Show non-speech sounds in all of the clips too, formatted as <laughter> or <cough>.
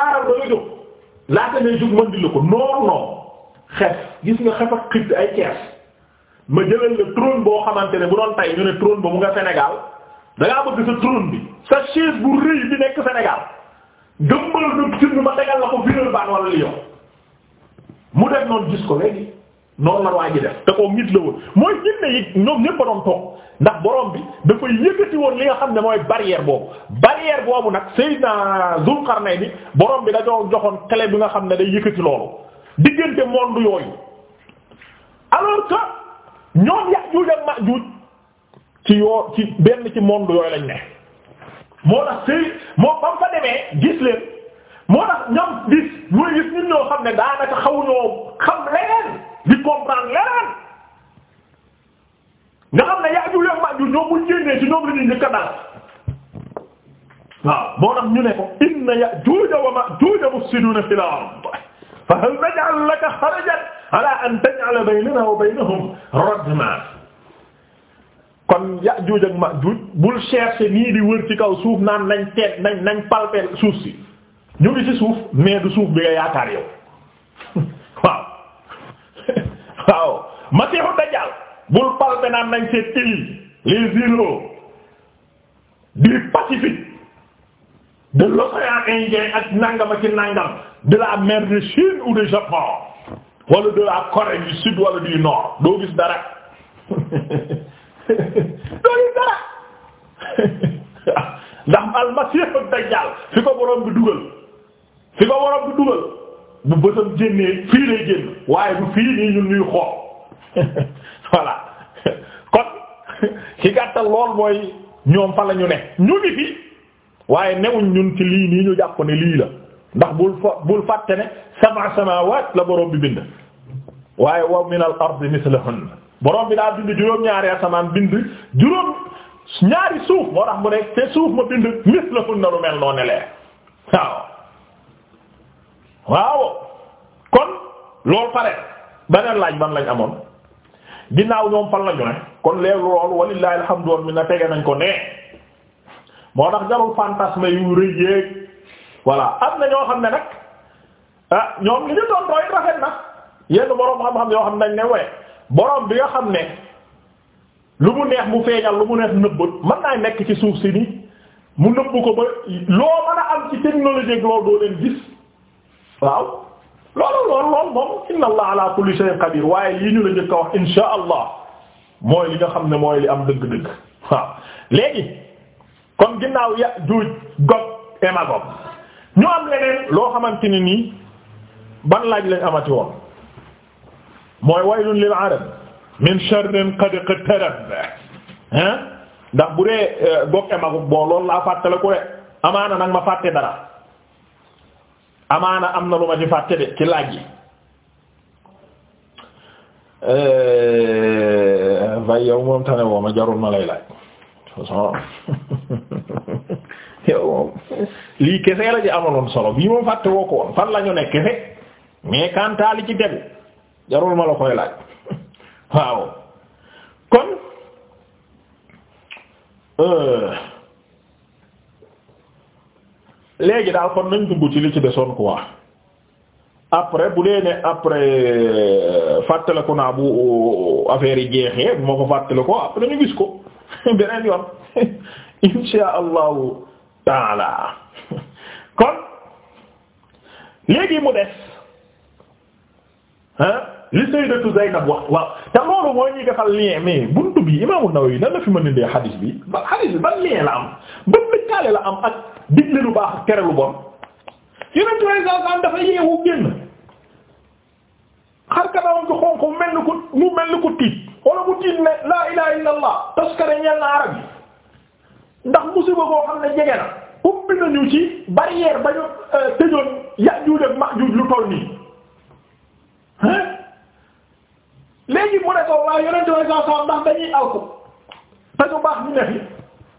xaaral ba nga jóg laata ngay jóg mën di la ko noor noor xef gis nga xef ak xidd ay kees ma jëlal la trône boo xamante ne bu doon tay ñu ne trône ba nga Sénégal da ngaa bëgg sa trône bi sa chaise bu rëy bi nekk Sénégal gëmbal du ci ma tegal la ko viral baan wala mu def noonu gis ko léegi noonu la waa ji def te koo nit la woon mooy jinne yi ñoom ñëpp a doon toog ndax boroom bi dafay yëkkati woon li nga xam ne mooy barrière boobu barrière boobu nag Seydina Zulqarnayni borom bi bi dañoo joxoon clé bi nga xam ne day yëkkati loolu diggante monde yooyu alors que ñoom Yaajuuj ak ci yoo ci benn ci monde yooyu lañ ne moo tax sëy moom ba mu fa demee gis leen moo tax ñoom gis ñooy gis ñun ñoo xam ne daanaka xaw xam leneen di comprendre leneen nga xam ne Yaajuuj ak Maajuuj ñoom bu ñu génnee ci ñoom la ñuy njëkk a dal ñu ne ko inna Yaajuuj wa Maajuuj mufsiduuna fil ard fa hal naj'alu laka xarajan ala an taj'ala baynana wa baynahum radma kon Yaajuuj ak Maajuuj bul chercher nii di wër ci kaw suuf naan nañ teet nañ nañ suuf si ñu ngi suuf mais du suuf bi nga yaakaar yow. waaw masiixu dajjal bul palpe naan nañ seet îles les îlots du Pacifique de l'océan Indien ak nangam ak ci nangam de la mer de Chine ou de Japon wala de la Corée du Sud wala du Nord doo gis dara <laughs> doo gis dara <laughs> ndax al masiixu dajjal fi ko borom bi dugal fi ko borom bi dugal bu bësam génnee fii lay génn waaye bu fii nii ñun ñuy xool <laughs> voilà kon ci gàttal lool mooy ñoom fa la ñu ne ñu ngi fi waaye newuñ ñun ci lii nii ñu jàpp ne lii la ndax bul fa bul fàtte ne sab'a samawat la borom bi bind waaye wa min al ardi mislahun borom bi daa bind juróom-ñaari asamaan bind juróom ñaari suuf moo tax mu ne te suuf ma bind mislahun na lu noonu lee waaw waaw kon loolu pare beneen laaj ban lañ amoon ginnaaw ñoom fan la ne kon leelu loolu walillahi alhamdu wal minna tege nañ ko nee moo tax jarul fantasme yu rëy yéeg voilà am na ñoo xam ne nag ah ñoom li ñu doon roy rafet na yenn boroom xam-xam yoo xam nañ ne waaye boroom bi nga xam ne lu mu neex mu feeñal lu mu neex nëbb man naa nekk ci suuf si ni mu nëbb ko ba loo mën a am ci technologie loolu doo leen gis waaw loolu loolu loolu moom inna allah ala kulli shay'in qadir waaye lii ñu la njëkk a wax insha allah mooy li nga xam ne mooy li am dëgg-dëgg waaw léegi kon ginnaaw ya juuj gog et ñu am leneen loo xamante ne nii ban laaj lañ amati woon mooy waylun lil arab min sharrin qad iqtarab hein ndax bu dee euh, gog et magog bon loolu laa fàttale ko de amaana nag ma fàtte dara amaana am na lu ma ci fàtte de ci laaj yi waaye euh, yow moom tane woo ma ma lay laaj façon <laughs> yow moom lii kese la ci amaloon solo bii moom fàtte woo ko woon fan la ñu nekk kese mais kantaali ci tegu jarul ma la koy laaj <laughs> waaw kon. Euh, léegi daal kon nañ dugg ci li ci desoon quoi après bu dee ne après euh, fàttaliku naa bu euh, affaire yi jeexee bu ma ko fàttaliku après ñu gis ko <laughs> beneen yoon <laughs> insha allahu taala <laughs> kon léegi mu des ah li sayyidatu Zaynab wax waaw te loolu mooy ñuy defal lien mais buntu bi Imaamu Nawawi nan la fi mën a indee xadiis bi ba xadiis bi ban lien la am ban lëkkaale la am ak. digle lu baax tere lu bon yeneen trois ans dafa yeewu génn xar kanam xonq mu mel ni ko mel ni ko tiit wala mu tiit ne laa ilaaha illallah taskare ñeel na arab yi ndax musiba boo xam ne jege na ubbi nañu ci barrière ba ñu euh, tëjoon Yaajuuj ak lu toll nii hein léegi mu ne ko waaye yeneen trois ans ndax dañuy alku te ñu baax ñu ne fi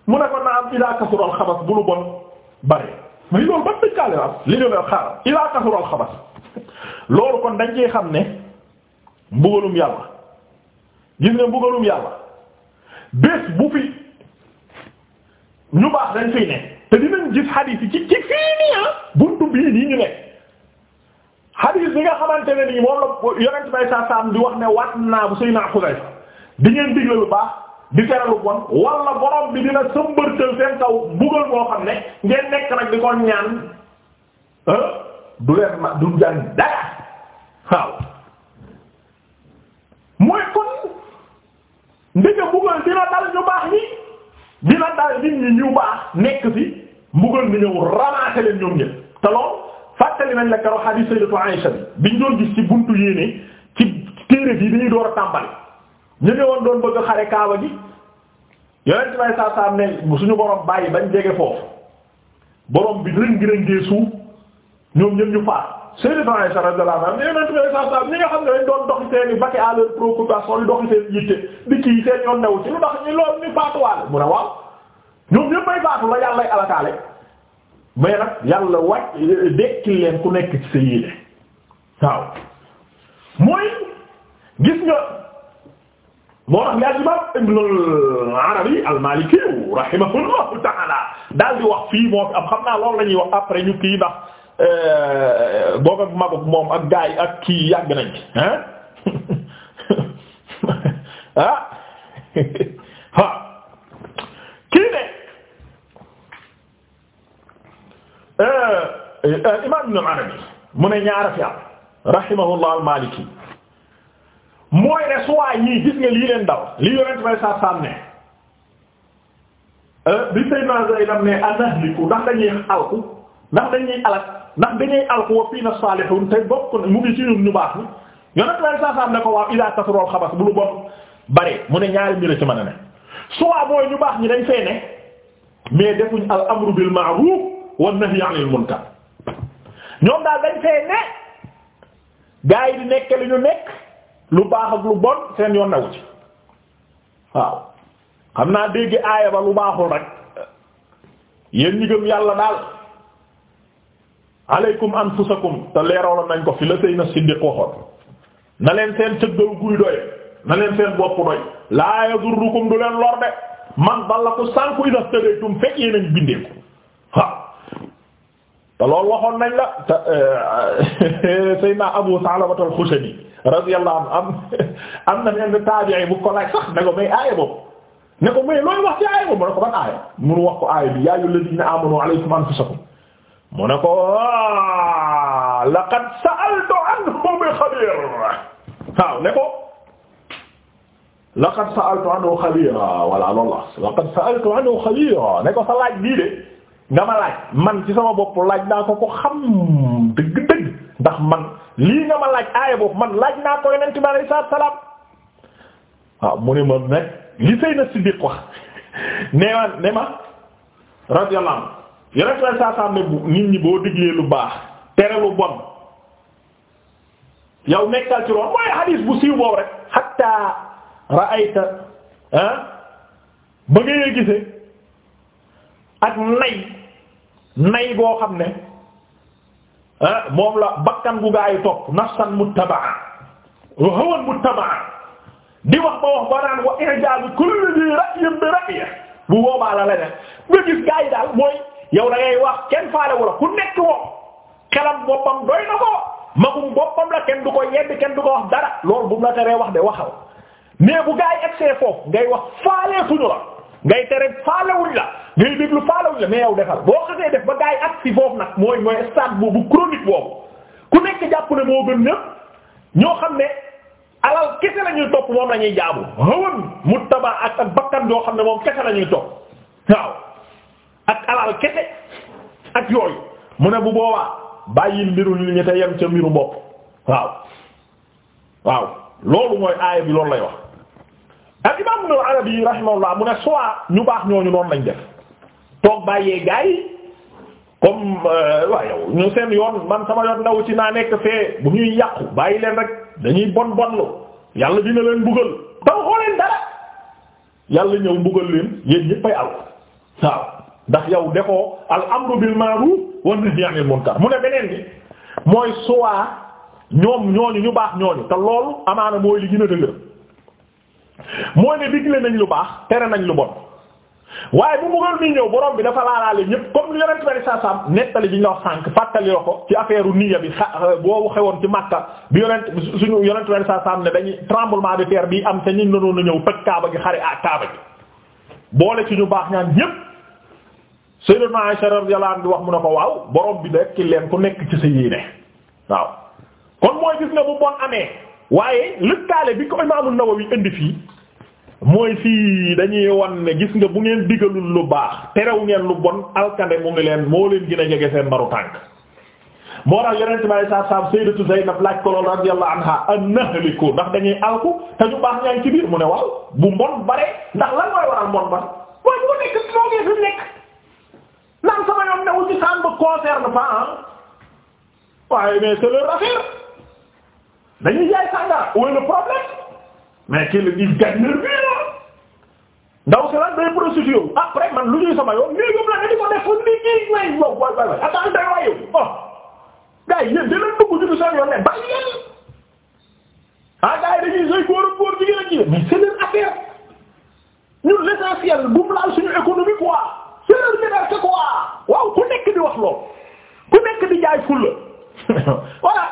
mu ne ko naam ilaa kasural xabas bu lu bon. bari mais loolu ba dëkkaale la li ñu la ilaa kafural xabas loolu kon dañ ci xam ne mbugalum yàlla gis nga mbugalum yàlla bés bu fi ñu baax dañ fiy ne te dinañ gis xadiis yi ci fii nii ah buntu bii nii ñu ne xadiis bi nga xamante ne nii moom la yonent bay sa saam di wax ne wat naa bu Seydina Xudayfa di ngeen digle baax di teralu bon wala borom bi dina sëmbërtël seen kaw buggal boo xam ne ngeen nekk nag di ko ñaan du leen ma du jàng dara waaw mooy kon ndeke buggal dina dal ñu baax ñi dina dal nit ñi ñu baax nekk fi mbugal ni ñëw ramassé leen ñoom ñëpp te lool fàttali nañ la keroog hadith sayyidatu Aisha bi biñ doon gis ci buntu yéene ci téere bi dañuy door a tàmbali ñu ne woon doon bëgg a xare kaaba gi yonent bay saa saa ne suñu borom bàyyi bañ jege foofu borom bi rëngi rëngee suuf ñoom ñëpp ñu faat Sayyidina Aisha radiyallahu anha yonent bay saa saa xam ne dañ doon doxi seen i baki à leur préoccupation li doxi seen yitte di kii seen yoon new ci lu tax ñu loolu ñu faatuwaale mu ne waaw ñoom ñëpp may la yàlla lay alakaale mais nag yàlla wàcc dekki leen ku nekk ci sa yéene waaw mooy gis nga. moo tax yaa imam Ibn al-Arabi al-Maliki rahimahullahu ta'ala daal di wax fii moo am xam naa loolu la ñuy wax après ñu kii ndax euh, boog ak magog moom ak gaay ak kii yàgg nañ ci <laughs> ah ah <laughs> kii ne euh, euh, imam Ibn al-Arabi mu ne ñaara fi am rahimahullah al-Maliki mooy ne suwaay yii gis nga lii leen dal lii yonent bay sa sànne bi say nagay dam ne anahliku ndax dañuy alku ndax dañuy alak ndax dañuy alku wa fii na salihun te bokk mu ngi ci ñun ñu baax ni ñaari mbir ci mën a ne suwaa ñi dañ fee mais defuñ al amru bil ma'ruf wan ñoom daal dañ fee ne gaa yi di nekk li ñu nekk lu baax ak lu bon seen yoon ci waaw xam naa dégg aaya ba lu baaxul rek yéen ñi yàlla daal aleykum anfusakum te leeraloon nañ ko fi la sëy na Siddiq waxoon na leen seen cëggal guy doy na leen seen bopp doy laa yadurrukum du leen lor man balla ko sànku ida tëdaytum fekk yéen bindee ko te loolu waxoon nañ la te euh, sëy <laughs> naa Abu Salabat al radiyallahu anhu am am na benn taabi'i bu ko laaj sax ko may aaya boobu ne ko may looy wax ci aaya mu ne ko ban aaya bi yaa ayyuhal ladina mu ah, ne ko laqad sa'altu anhu bi xabiir waaw ko laqad sa'altu anhu xabiira walla loolu la ko sa laaj bii naa ko ko xam dëgg dëgg ndax man lii nga ma laaj aaya boobu man laaj naa ko yonent bi alayhi salaatu salaam waaw mu ne ma nag li Seydina Siddiq wax <laughs> nee ne ma radiyallahu anhu yonent bi alayhi salaatu salaam ne nit ñi boo diglee lu baax tere lu bon yow nekkal ci loolu mooy hadis bu siiw boobu rek hatta ra'ayta ah ba nga gisee ak nay nay boo xam ne. Ah, moom la bakkan gu gaa yi topp nafsan muttabaa wa hawan muttabaa di wax ba wax ba naan wa i'jaazu kulli dhi ra'yin bi ra'yihi bu boobaa la la def nga gis gaa yi daal mooy yow da wax kenn faale wala ku nekk moom xelam boppam doy na ko magum boppam la kenn du ko yedd kenn du ko wax dara loolu bu mu la teree wax de waxal mais bu gaa yi egg see foofu wax faale fu ñu la. ngay tere faalewuñ la ngay déglu faalewuñ la mais yow defal boo xasee def ba gaay ak si foofu nag mooy mooy stade boobu chronique boobu ku nekk jàpp ne moo gën ñëpp ñoo xam ne alal kese la topp moom la ñuy jaamu mu muttaba ak ak yoo xam ne moom kese la ñuy topp waaw ak alal yooyu mu ne bu boobaa bàyyi mbiru li ñu te yem ca mbiru bopp waaw waaw loolu mooy aaya bi loolu lay wax al imam Ibn Arabi rahimahullah mu ne soit ñu baax ñooñu noonu lañ def toog bàyyee gars yi comme euh, waa yow ñu seen yoon man sama yoon ndaw ci naa nekk fee bu ñuy yàqu bàyyi leen rek dañuy bon bon bonlu yàlla dina leen mbugal taw xooleen dara yàlla ñëw mbugal leen yéen ñëppay al waaw ndax yow defoo al amru bil ma'ruf wa nahyi 'anil munkar mu ne beneen bi mooy soit ñoom ñooñu ñu baax ñooñu te loolu amaana mooy li gën a mooy ne digle nañ lu baax tere nañ lu bon waaye bu mbugal mi ñëw borom bi dafa laalaale ñëpp comme li yonent bari saa saam nettali bi ñu wax sànq fàttali la ko ci affaire niya bi xa boobu xewoon ci Makka bi yonent suñu yonent bari saa saam ne dañuy tremblement de terre bi am te ñu doon a ñëw toj Kaaba gi xare ak Kaaba gi boole ci ñu baax ñaan ñëpp Sayyidatu Aisha radiyallahu anha wax mu ne ko waaw borom bi dekk leen ku nekk ci sa yéene waaw waaye lëkkaale bi ko imaamu Nawawi indi fii mooy fii dañuy wan ne gis nga bu ngeen digalul lu baax terewu ngeen lu bon alkande mu ngi leen moo leen gën a jege seen mbaru tànk moo tax yonent bi saa saam sayyidatu Zaynab laaj ko loolu radiyallahu anha an nahliku ndax dañuy alku te ñu baax ñaan ci biir mu ne waaw bu mbon bare ndax lan mooy waral mbon ban mooy bu nekk toogee fi nekk naan sama yoon ne wu ci ba concerne pas ah waaye mais c'est leur affaire dañuy jaay sàngara où est le problème mais kii la ñuy ndaw si lan day prostitué wu après lu ñuy sama yoon nii kii may yow waay waay waay attends day waay yow oh gars yi yéen waaw ku di wax lool ku di jaay ful la <laughs> voilà.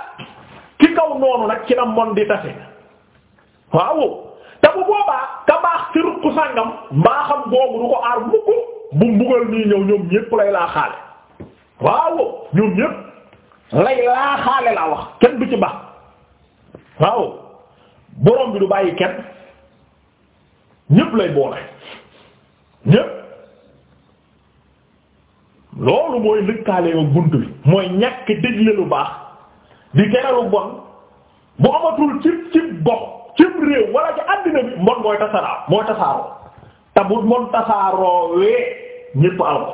ci kaw noonu nag ci na mon di tase waaw te bu boobaa ka baax ci ruq sàngam mbaaxam googu du ko aar mukk bu mbugal nii ñëw ñoom ñépp lay laa xaale waaw ñoom ñépp lay laa wax kenn du ci baax waaw borom bi du bàyyi kenn ñépp lay boole ñépp loolu mooy lëkkaale ak bunt bi mooy ñàkk dégle lu baax di gënalu bon bu amatul cib cib gox cib réew wala ci àddina bi mbon mooy tasaraa mooy tasaaroo te bu mbon tasaaroo wee ñépp al ko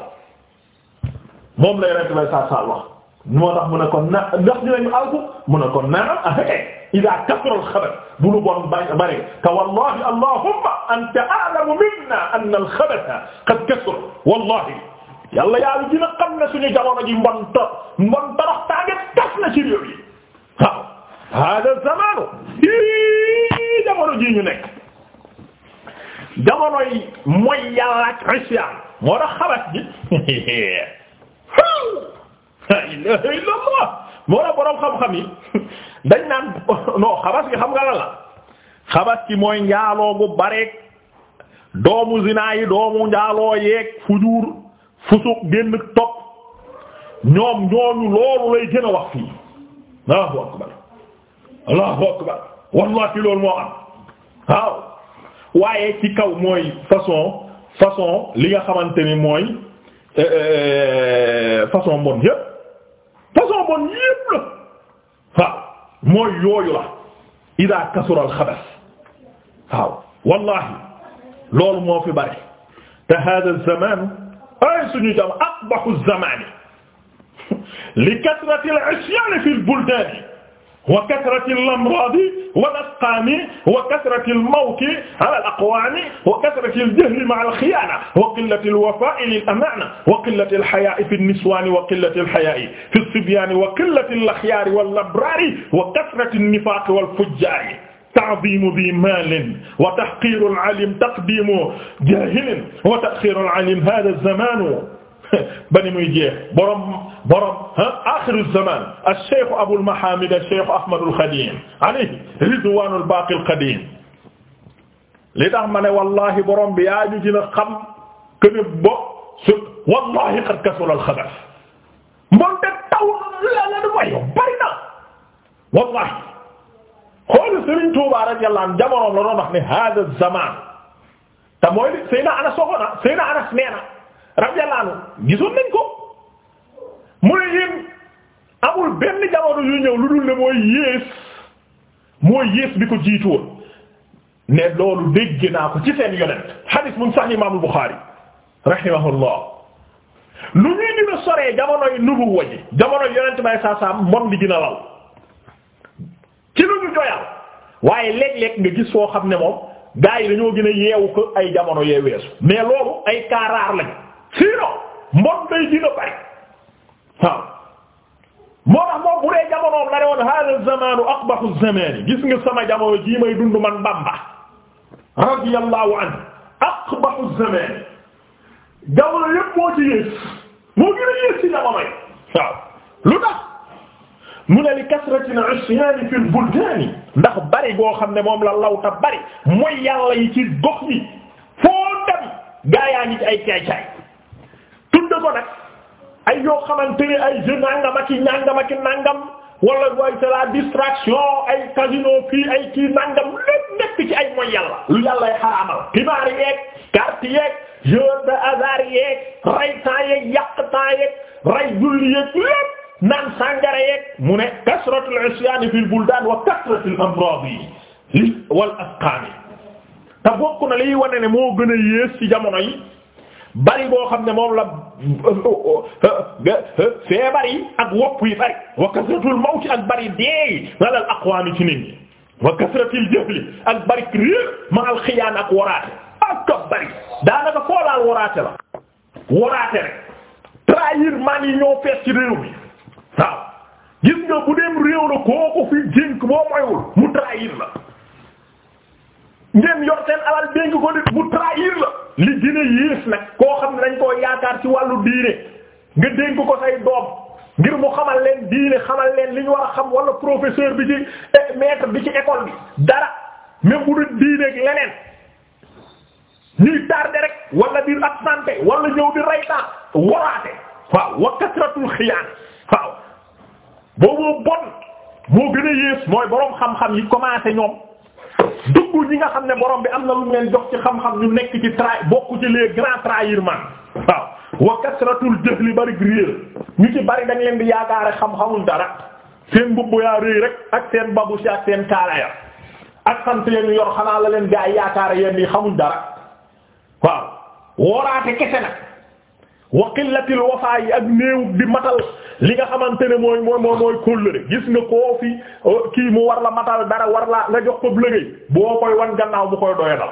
moom lay rent bay saa saa wax moo tax mu ne ko na ndax dinañu al ko mu ne ko naam ahee eh, idaa kasral xabar bu lu bon ba bari te wallahi allahumma anta a'lamu minna anna al xabatha qad kasra wallahi yàlla yaa lu dina xam ne suñu jamono ji mbon to mbon torox tànge tas na ci réew yi waaw hada zamanu i jamono ji ñu nekk jamonoy mooy yàllaak isyan moo tax xabat bi la ilaha illallah moo tax boroom xam-xam yi dañ naan non xabas gi xam nga lan la xabas gi mooy njaaloogu bareeg doomu zinaa yi doomu njaaloo yeeg fujuur fusuk génn topp ñoom ñooñu loolu lay gën a wax fii Allahu akbar Allahu akbar wallahi loolu moo am waaw waaye ci kaw mooy façon façon li nga xamante ni mooy euh, euh, façon bon yépp façon bon yépp la waaw mooy yooyu la ida kasura al xabas waaw wallahi loolu moo fi bari te hada zaman ay suñu jam aqbahu zamani li kasrati al-isyan fi al-buldan wa kasrati al-amrad wa al-asqam wa kasrati al-mawt ala al-aqwan wa kasrati al-jahl ma'a al-khiyana wa qillati al-wafa' lil-amana wa qillati al-haya' fi an-niswan wa qillati al-haya' fi as-sibyan wa qillati al-akhyar wal-abrar wa kasrati an-nifaq wal-fujjar ta'zimu dhi malin wa tahqiru al-alim taqdimu jahilin wa ta'khiru al-alim hadha az-zaman <laughs> ba ni muy jeex borom borom ah axiru zaman ash-shaykh Abul Mahamid ash-shaykh Ahmadul Xadim alayhi ridwaanul baaqil qadim li tax ma ne wallaahi borom bi yaa ñu dina xam que ne bo su wallaahi qad kasula al-xabas mbonte taw la la du wayo bari na wallaahi xool Serigne Touba radiyallahu anhu jamonoom la doon wax ne hada zaman te mooy Seyna Anas soxna Seyna Anas nee na radiyallahu anhu nañ ko mu ne yéen amul benn jamono yu ñëw lu dul ne mooy yées mooy yées bi ko jiitu woon ne loolu dégg naa ko ci seen yonent hadith mun sax imaamul Bukhari rahimahullah lu ñuy dina soree jamonoy nubu waji jamono yonent saa saasaam moom di dina law ci lu ñu joyal waaye léeg-léeg nga gis soo xam ne moom gaa yi dañoo gën a yeewu ko ay jamono yee weesu mais loolu ay kaaraar lañu sinon mbon day dina bari waaw moo tax moom bu dee jamonoom la ne woon hada zamanu aqbahu zamani gis nga sama jamono jii may dund man Bamba radiyallahu anhu aqbahu zamani jamono yépp moo ci yées moo gën a ci jamono yi waaw lu tax mu ne li kasratina usyaani fil ndax bari goo xam ne moom la lawta bari mooy yàlla yi ci gox bi foo dem gaa ci ay caay tudde ko nag ay yoo xamante ne ay jeu nangam ak i nangam ak i nangam wala waaye c'est la distraction ay casino fii ay kii nangam lépp nekk ci ay mooy yàlla lu yàlla ay xaraamal xibaar yeeg carte yeeg jeu de hasard yeeg ray temps yeeg yàq temps yeeg ray julli yeeg lépp naan sàngara yeeg mu ne kasratul isyan fil buldan wa kasratul amrad wal asqam te bokk na liy wane ne moo gën a yées ci jamono yi bari boo xam ne moom la euh, euh, fee bari ak wopp yi bari wa kasratul mawti ak bari deey alal aqwaami ci nit ñi wa kasratil ak bari réer ma al xiyaan ak waraate ak ko bari daanaka foo laal la waraate rek trahir man yi ñoo fees ci réew mi waaw gis nga bu dem réew la kooku fi jénk boo moywul mu trahir la ngeen yor seen alal dénk ko nit bu trahir la li gën a yées nag koo xam ne dañ koo yaakaar ci wàllu diine nga dénk ko say doom ngir mu xamal leen diine xamal leen li ñu war a xam wala professeur bi ci eh, maître bi ci école bi dara même bu dul diine ak leneen ñuy tardé rek wala di absenté walla ñëw di rayta waraate waaw wa kasratul xiyaan waaw boobu bon moo gën a yées mooy boroom xam-xam yi commencé ñoom. dugg ñi nga xam ne borom bi am na lu leen jox ci xam-xam ñu nekk ci tra bokk ci les grands trahirements waaw wa kasratul jahli bari réer ñu ci bari dañ leen di yaakaare xam-xamul dara seen mbubb yaa rëy rek ak seen babu si ak seen kaalaya ak sant ya ñu yor xanaa la leen gaa yaakaare yéen ñi xamul dara waaw wooraate kese nag wa qillatil wafaa yi ak néew di matal li nga xamante ne mooy mooy mooy mooy kóllëre gis nga koo fi kii mu war la matal dara war la nga jox ko liggéey boo koy wan gannaaw bu koy doyadal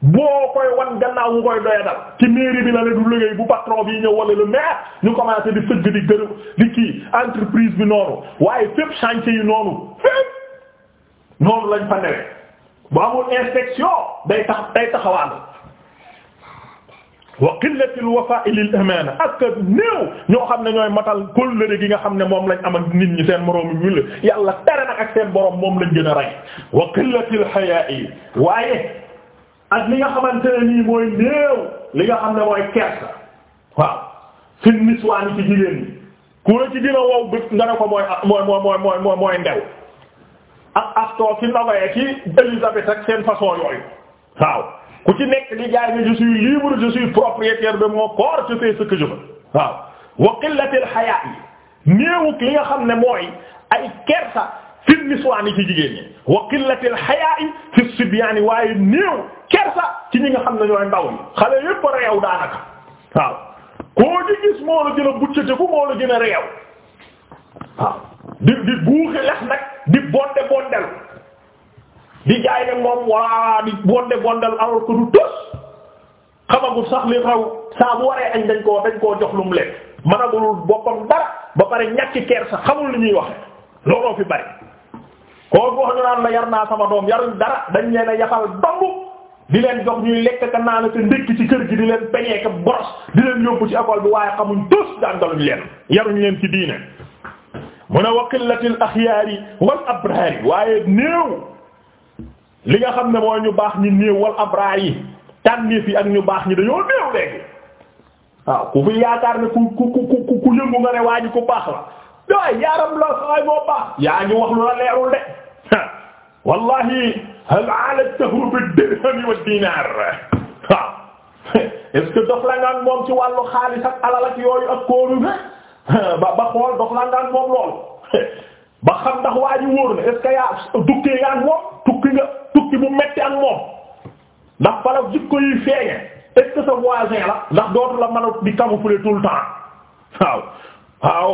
boo koy wan gannaaw mu koy doyadal ci mairie bi la ne du liggéey bu patron bi ñëw wala le maire ñu commencé di fëgg di gërëm li kii entreprise bi noonu waaye fépp chantier yi noonu fépp noonu lañ fa newee bu amul inspection day tax day taxawaan wa qillatil wafa'i lil amana ak néew ñoo xam ne ñooy matal kóllëre gi nga xam ne moom lañ am nit ñi seen moroom ñu la tere nag ak seen borom moom lañ gën a rey wa qillatil haya'i waaye ak li nga xamante ne nii mooy néew li nga xam ne mooy kersa waaw fi niswaani ci jigéen ñi ku la ci gën a wow bët nga ne ko mooy mooy mooy mooy mooy mooy ndew ak Astor ci Navaye ci Élisabeth ak seen façon yooyu waaw. ku ci nekk di jaay ne je suis libre je suis propriétaire de mon corps je fais ce que je veux waaw wa qillatil hayaa yi néewug nga xam ne mooy ay kersa fi niswaani ci jigéen ñi wa qillatil hayaa yi fi sibyaani waaye néew kersa ci ñi nga xam ne ñooy ndaw yi xale yépp réew daanaka waaw koo di gis moo la gën a buccate ku moo la gën a réew waaw di di buuxi lex nag di bonde bondelu di jaay ne moom waa di bonde bondal alors que du tos xamagul sax li xaw saa bu waree añ dañ koo dañ koo jox lu mu lekk managul boppam dara ba pare ñàkk sax xamul li ñuy waxe looloo fi bari koo wax ñu naan la yar naa sama doom yaruñ dara dañ leen a yaxal dambu di leen jox ñuy lekk ka naan te ndekki ci kër gi di leen peñee ka boros di leen yóbbu ci école bi waaye xamuñ tos jàngaluñ leen yaruñ leen ci diine mu ne wa qillatil axyaari wal li nga xam ne mooy ñu baax ni néew wal abra yi tànnéef yi ak ñu baax ñi dañoo néew léegi waaw ku fi yaakaar ne ku ku ku ku yëngu nga ne waa ji ku baax la waaye yaaram la saay moo baax yaa ngi wax lu la leerul de wallahi hal alajtahu wa dinar waaw la ak moom ci wàllu xaalis yooyu ak kóoru ba ba xool dox la nga moom lool ba xam ndax waa ji wóor na est yaa dukkee nga ak tukki nga tukki bu metti ak moom ndax bala jikko yi feeñe est sa voisin la ndax dootu la mën a di camoufler tout le temps waaw waaw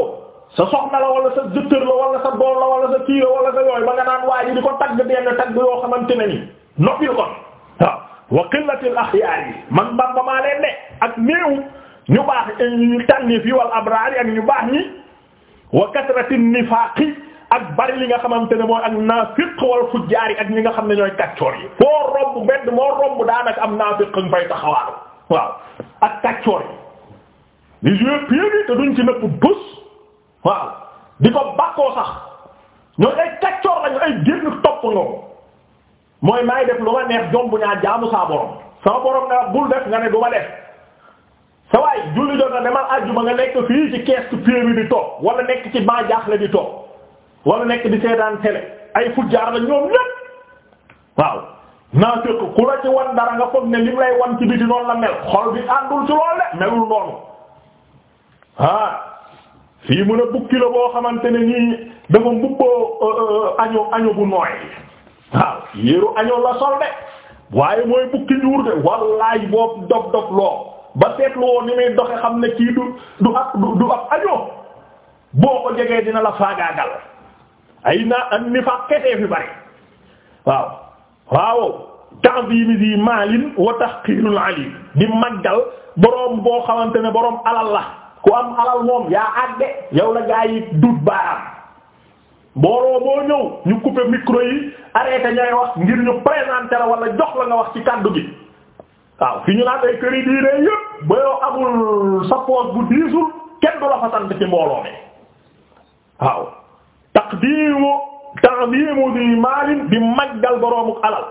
sa soxna la wala sa jëkkër la wala sa doom la wala sa kii la sa yooyu ba nga naan waa ji di ko tagg benn tagg yoo xamante ne ni noppil ko waaw wa qillatil axyaar yi man bamba maa leen ne ak néew ñu baax ñu tànni fi wal abraar yi ak ñu baax ñi wa kasratin nifaaqi ak bari li nga xamante ne mooy ak naafiq wal fujjaar yi ak ñi nga xam ne ñooy kaccoor yi boo romb mbedd moo romb daanaka am naafiq nga fay taxawaalu waaw ak kaccoor yi di jouer pied bi te duñ ci nëpp bus waaw di ko bakkoo sax ñooy ay kaccoor lañu ay génn topp nga ko mooy maay def lu ma neex jomb ñaa jaamu saa borom saa borom nga bul def nga ne du ma def sa waay julli doon na demal àjjuma nga nekk fii ci kees pied bi di toog wala nekk ci maa jaaxle di toog wala nekk di seetaan télé ay fujjaar la ñoom ñépp waaw naa fekk ku la ci wan dara nga foog ne lim lay wan ci biti noonu la mel xol bi àndul ci lool de melul noonu ah fii mu ne bukki la boo xamante ne nii dafa mbubboo euh, euh, año año bu nooy waaw yéeru año la sol de waaye mooy bukki njuur de wallaay boobu dof dof loo ba seetlu woo ni muy doxe xam ne kii du du ab du ab año boo ko jegee dina la faagaagal ay na an nifaq fi bari waaw waaw ta'zim zi maalin wa tahqirul alim di maggal boroom boo xamante ne boroom alal la ku am alal moom yaa àgge yow la gaa yi dut baaraam mbooloo boo ñëw ñu coupé micro yi arrêté ñay wax ngir ñu présenter la wala jox la nga wax ci kàddu gi waaw fi ñu naan ay këri diine yëpp ba amul sa bu diisul kenn du la fa ci mbooloo mi waaw taqdiimu ta'ziimu di maalin di maggal boroomu alal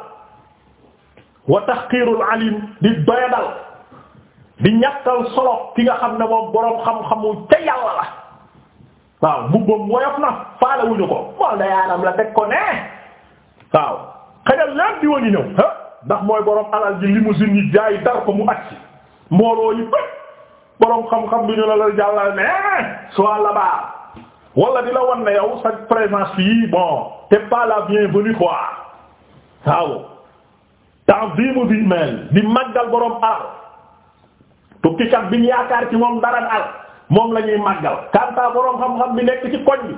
wa tahqiirul alim di doyadal di ñàkkal solo ki nga xam ne moom boroom xam-xamu ca yàlla la waaw mbubbam woyof na faale wuñu ko moom da yaanam la teg ko ne waaw xajal di wañu ñëw ha ndax mooy boroom alal ji limousine yi jaay dar ko mu agsi mbooloo yi bët boroom xam-xam bi ñu la la jàllal ne soit là wala di la wan ne yow sa présence fii bon t'es pas la bienvenue quoi waaw ta'zimu bi mel di màggal boroom alal tukkikat bi ñu yaakaar ci moom dara al moom lañuy ñuy màggal kanta boroom xam-xam bi nekk ci koñ bi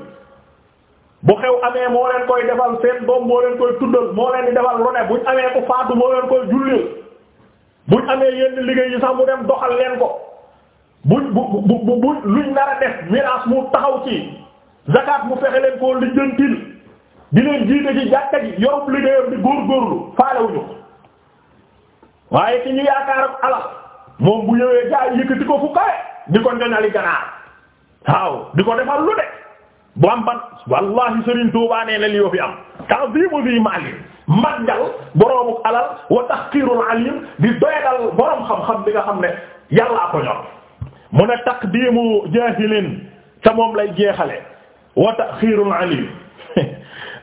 bu xew amee moo leen koy defal seen doom moo leen koy tuddal moo leen defal lu buñ amee ku faatu moo leen koy jullil buñ amee yenn liggéey yi sax mu dem doxal leen ko buñ bu bu bu luñ nar a def miraas mu taxaw ci zakat mu fexe leen koo lijjantil di leen jiite ci jàkka ji yorub liggéeyam di góorgóorlu faalewuñu waaye ci ñu yaakaaram alal moom bu ñëwee gaa yëkkati ko fu di ko njoñali ganaar waaw di ko defal lu de bu am ban wallahi Serigne Touba nee na am ta'zimu bi maalin màggal boroomu alal wa tahqirul alim di doyadal boroom xam-xam bi nga xam ne yàllaa ko ñor mu ne taqdimu jaahilin te moom lay jeexale wa taxiirul alim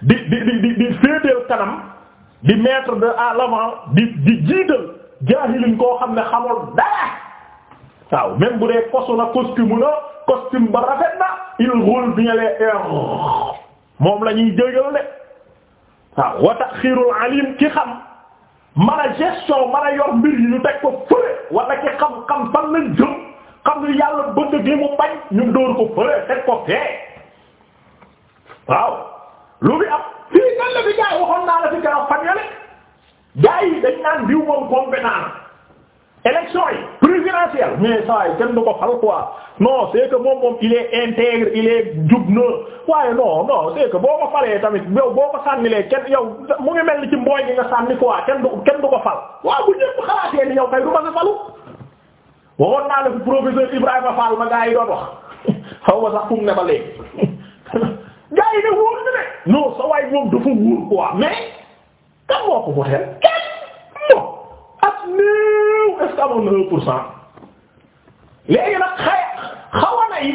di di di di féeteel kanam di mettre de à di di jiital jaahilin koo xam ne xamul dara waaw même bu dee kosu na costume ba rafet na il roule bien les airs moom lañuy ñuy jégal de waaw wa taxiirul alim ki xam man a gestion man a yor mbir yi ñu teg ko fële wala ki xam-xam fan lañ jëm xam ne yàlla bëgg li mu bañ ñu dóor ko fële teg ko fee waaw lu bi am fii nan la fi jaay waxoon naa la fi keroog fan yale gaa na kenn du ko fal quoi non c'est que moom moom il est intègre jub na waaye non non c'est que boo ko falee tamit yow boo ko sànnilee kenn yow mu ngi mel ni ci mbooy gi nga sànni quoi kenn du kenn du ko fal waaw bu ñëpp xalaatee ni yow kay du ma sa falu waxoon naa la fi professeur Ibrahima Fall ma gaa yi doon wax <laughs> xaw ma sax fu mu <laughs> gaa yi ne wóor na de non sa waay moom dafa wóor quoi mais kan moo ko voteel kenn mo ak néew est-ce que amoon na un pour cent léegi nag xay xawana yi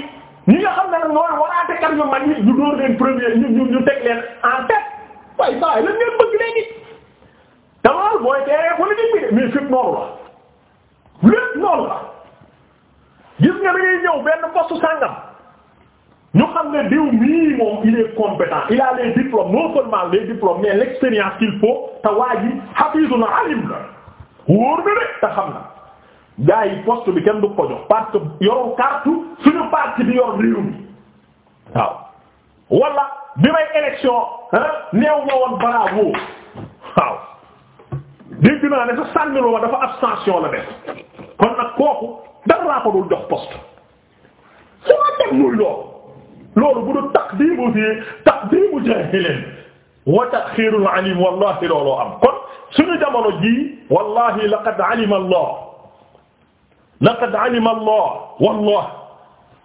ñi nga xam ne nag mooy waraate kan ñu mag ñi ñu dóor leen premier ñu ñu ñu teg leen en tête waaye saa yi lan ngeen bëgg léegi damal booy teeree politique bi de mais fépp noonu la lépp noonu la gis nga da ngay ñëw benn poste sàngam ñu xam ne diw mii moom il est compétent il a les diplômes non seulement les diplômes mais l'expérience qu'il faut te waa ji hafizun alim la wóor na xam na gaa yi bi kenn du ko jox parce que yorul carte suñu parti bi yor réew waaw wala bi may élection ah, neew nga woon bravo waaw dégg naa ne sa sànniloo dafa abstention la def kon nag kooku dara laa ko jox poste su ma dem muy loolu loolu bu du taqdimu fi taqdimu jahilin wa ta'khirul alim wallahi looloo am kon suñu jamono ji wallahi laqad alima allah laqad alima allah wallahi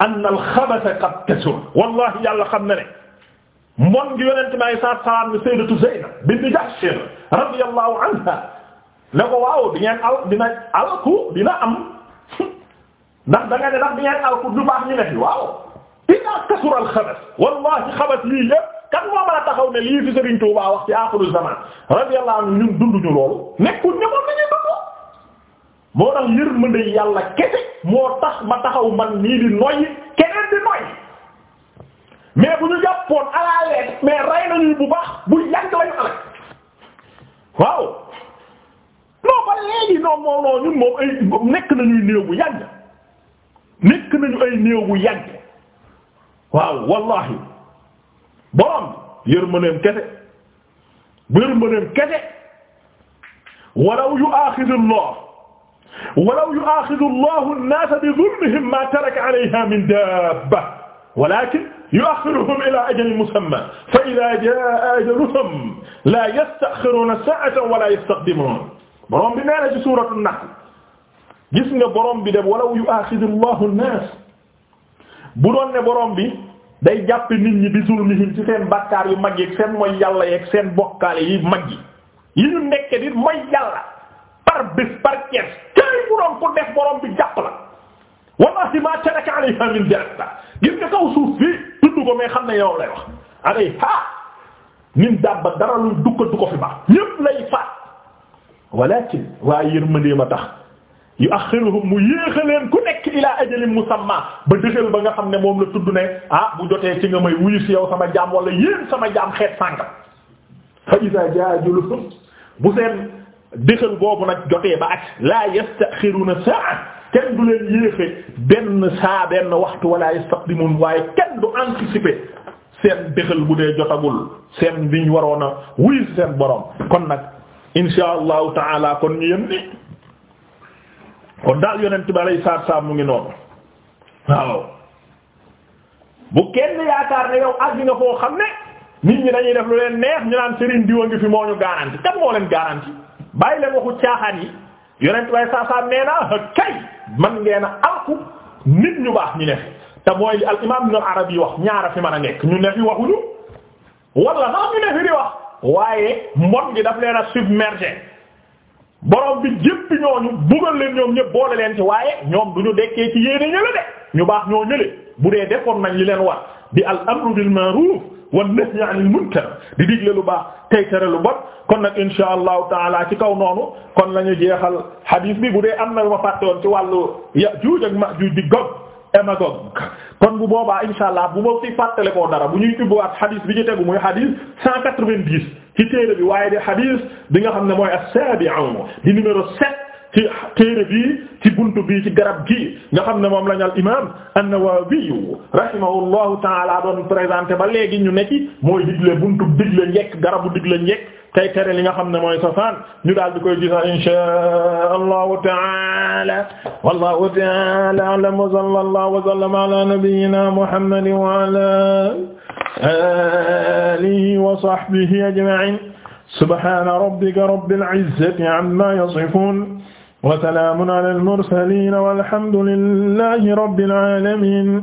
anna al-khabasa qad kasura wallahi yàlla xam na ne moom gi yonent bi saat salaam ni sayyidatu Zaynab bint Jahsh radiyallahu anha ne ko waaw di ngeen al dina alku dina am <laughs> ndax da nga ne ndax di ngeen alku du baax ñu ne fi waaw ida kasura al xabas wallahi xabas lii lépp kan moo mën a taxaw ne lii fi Serigne Touba wax ci axiru zaman radiyallahu anhu ñun dunduñu loolu nekkul ne ma taxaw man nii bu ñu jàppoon à bu baax bu yàgg nekk nañuy néew bu yàgg nekk nañu ay néew bu yàgg waaw wallahi borom yërmandeem kese yërmandeem kese walaw yu'axidu Allah walaw yu'axidu Allahu an-naasa bi zulmihim maa taraka alayhaa min daabba walaakin yu'axiruhum ilaa ajalin musammaa fa izaa jaa'a ajaluhum laa yasta'xiruuna saa'atan wa laa yastaqdimuun borom bi nee na ci suuratu Nahl gis nga borom bi dem walaw yu'axidu Allahu an-naas bu doon ne borom bi day jàpp nit ñi bi zulmihim ci seen bakkaar yu mag yi seen mooy yàlla yeeg seen bokkaale yi mag yi yi ñu nekke di mooy yàlla par bés par kees këy bu doon ko def borom bi jàpp la wallahi ma taraka alayha min dabba gis nga kaw suuf fii tudd ko mais xam ne yow la wax alayha min dabba dara lu dukka du ko fi baax ñépp lay faat walakin waaye yërmandee ma tax yu axiruhum mu yéexa leen ku nekk ilaa ajalin musamma ba dëxal ba nga xam ne moom la tudd ne ah bu jotee ci nga may wuyu si yow sama jaam wala yéen sama jaam xeet sàngam fa iza jaa ajaluhum bu seen dëxal boobu nag jotee ba ak la yastaxiruna sa'a kenn du leen yéexe benn saa benn waxtu wala yastaqdimun waaye kenn du anticiper seen dëxal bu dee jotagul seen biñ waroon a wuyu si seen borom kon nag insha allahu taala kon ñu yem ni kon daal yonent bi alayhi salaatu salaam mu ngi noonu waaw bu kenn yaakaar ne yow àgg nga foo xam ne nit ñi dañuy def lu leen neex ñu naan Serigne diwa ngi fi moo ñu garanti kan moo leen garanti bàyyi leen waxu caaxaan yi yonent bi alayhi salaatu nee na kay man ngeen a àqu nit ñu baax ñu ne te mooy li al imaam Ibn Arabi yi wax ñaara fi mën a nekk ñu ne fi waxuñu wala sax ñu ne fi di wax waaye mbon gi daf leen a submerger. borom bi jëpp ñooñu bugal leen ñoom ñëpp boole leen ci waaye ñoom du ñu dekkee ci yéene ñële de ñu baax ñoo ñële bu dee defoon nañ li leen wax di al amru wa ma'ruf wan nahyi anil munkar di digle lu baax tey tere lu bon kon nag insha allahu taala ci kaw noonu kon la ñu jeexal hadith bi bu dee am na lu ma fàtte woon ci wàllu Yaajuuj ak Maajuuj di Gog et Magog kon bu boobaa insha allah bu ma fi fàttale koo dara bu ñuy ubbiwaat hadith bi ñu tegu muy hadith 190. ci téere bi waaye di hadith bi nga xam ne mooy a as-sabi'un di numéro 7 ci téere bi ci bunt bi ci garab gi nga xam ne moom lañ al imam an-Nawawi rahimahullahu ta'ala doon présenté ba léegi ñu ne ci mooy digle buntu digle njekk garabu digle njekk tey tere li nga xam ne mooy safaan ñu daal di koy gisa inshaa allahu taala wallahu taala a'lam wa sallallahu wa sallama ala nabiyyina muhammadin wa ala alihi wa sahbihi ajma'in subhana rabbika rabbil izzati amma yasifun wa salamun ala al mursalin walhamdulillahi rabbil alamin